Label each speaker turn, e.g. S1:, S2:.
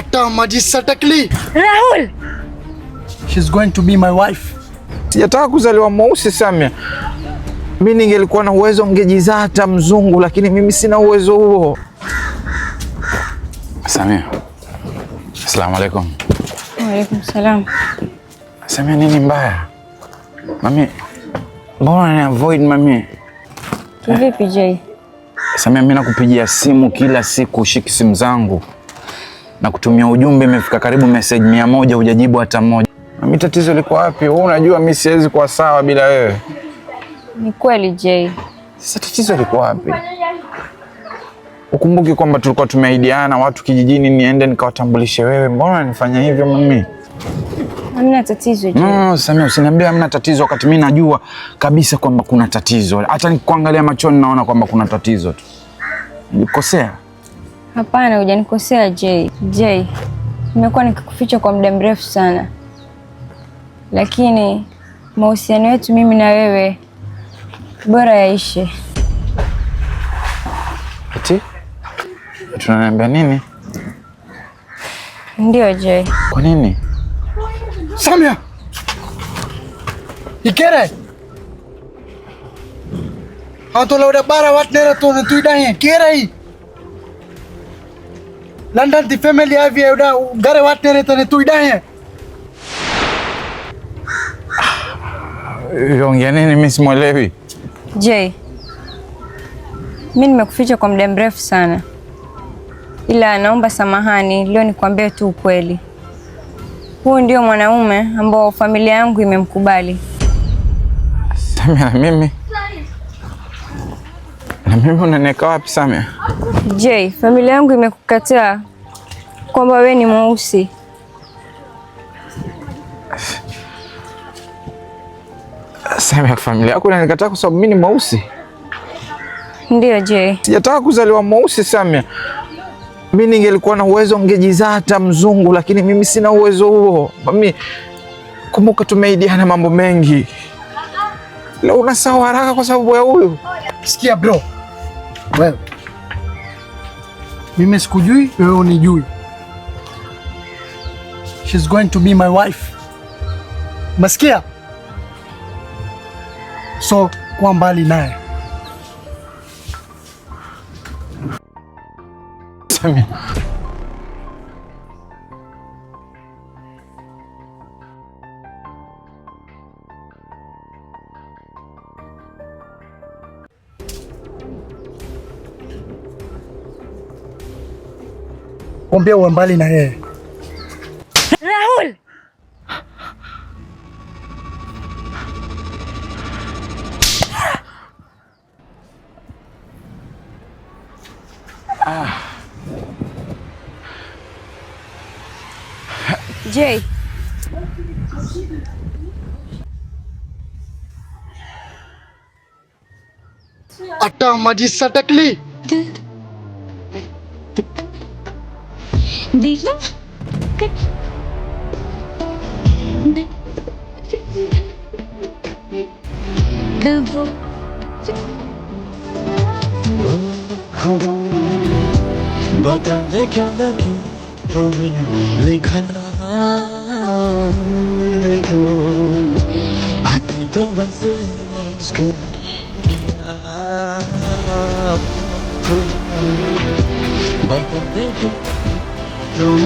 S1: hata maji satakli. Rahul. She's going to be my wife. Sijataka kuzaliwa mweusi Samia. Mimi ningelikuwa na uwezo ngejizaa hata mzungu, lakini mimi sina uwezo huo. Samia. Asalamu alaykum.
S2: Wa alaykum salam.
S1: Samia, nini mbaya? Mami, mbona ni avoid mami?
S2: Kivipi Jay?
S1: Samia, mimi nakupigia simu kila siku, ushiki simu zangu na kutumia ujumbe, imefika karibu message mia moja hujajibu hata moja. Mimi tatizo liko wapi? Wewe unajua mimi siwezi kuwa sawa bila wewe.
S2: Ni kweli Jay.
S1: Sasa tatizo liko wapi? Ukumbuki kwamba tulikuwa tumeahidiana watu kijijini, niende nikawatambulishe wewe. Mbona unanifanya hivyo mimi?
S2: Hamna tatizo je?
S1: No, Samia usiniambie hamna tatizo wakati mimi najua kabisa kwamba kuna tatizo. Hata nikikuangalia machoni naona kwamba kuna tatizo tu. Nikosea?
S2: Hapana, hujanikosea Jay. Jay, nimekuwa nikikuficha kwa muda mrefu sana, lakini mahusiano yetu mimi na wewe bora yaishe.
S1: Ati tunaniambia nini?
S2: Ndio J.
S1: Kwa nini? Samia ikere atolaudabara watnera kerai London થી family આવી એવડા ઘરે વાત ને તને તું Yongea nini mimi simuelewi.
S2: Jay, mimi nimekuficha kwa muda mrefu sana, ila naomba samahani. Leo nikwambie tu ukweli, huu ndio mwanaume ambao familia yangu imemkubali.
S1: Samia, mimi na mimi unaniweka wapi Samia?
S2: Je, familia yangu imekukataa kwamba wewe ni mweusi?
S1: Samia, familia yako inanikataa kwa sababu mimi ni mweusi?
S2: Ndio, je.
S1: Sijataka kuzaliwa mweusi Samia. Mimi ningelikuwa na uwezo ngejizaa hata mzungu, lakini mimi sina uwezo huo. Mimi kumbuka, tumeidiana mambo mengi. Leo unasahau haraka kwa sababu ya huyu. Sikia bro. Wewe mimi sikujui, wewe unijui. She's going to be my wife. Masikia? So kwa mbali naye. Ombea uwe mbali na yeye.
S2: Rahul! Ah. Jay. आता माझी सटकली Dila? Dila. But I think I'm lucky for you. I think the rest is good. But I think don't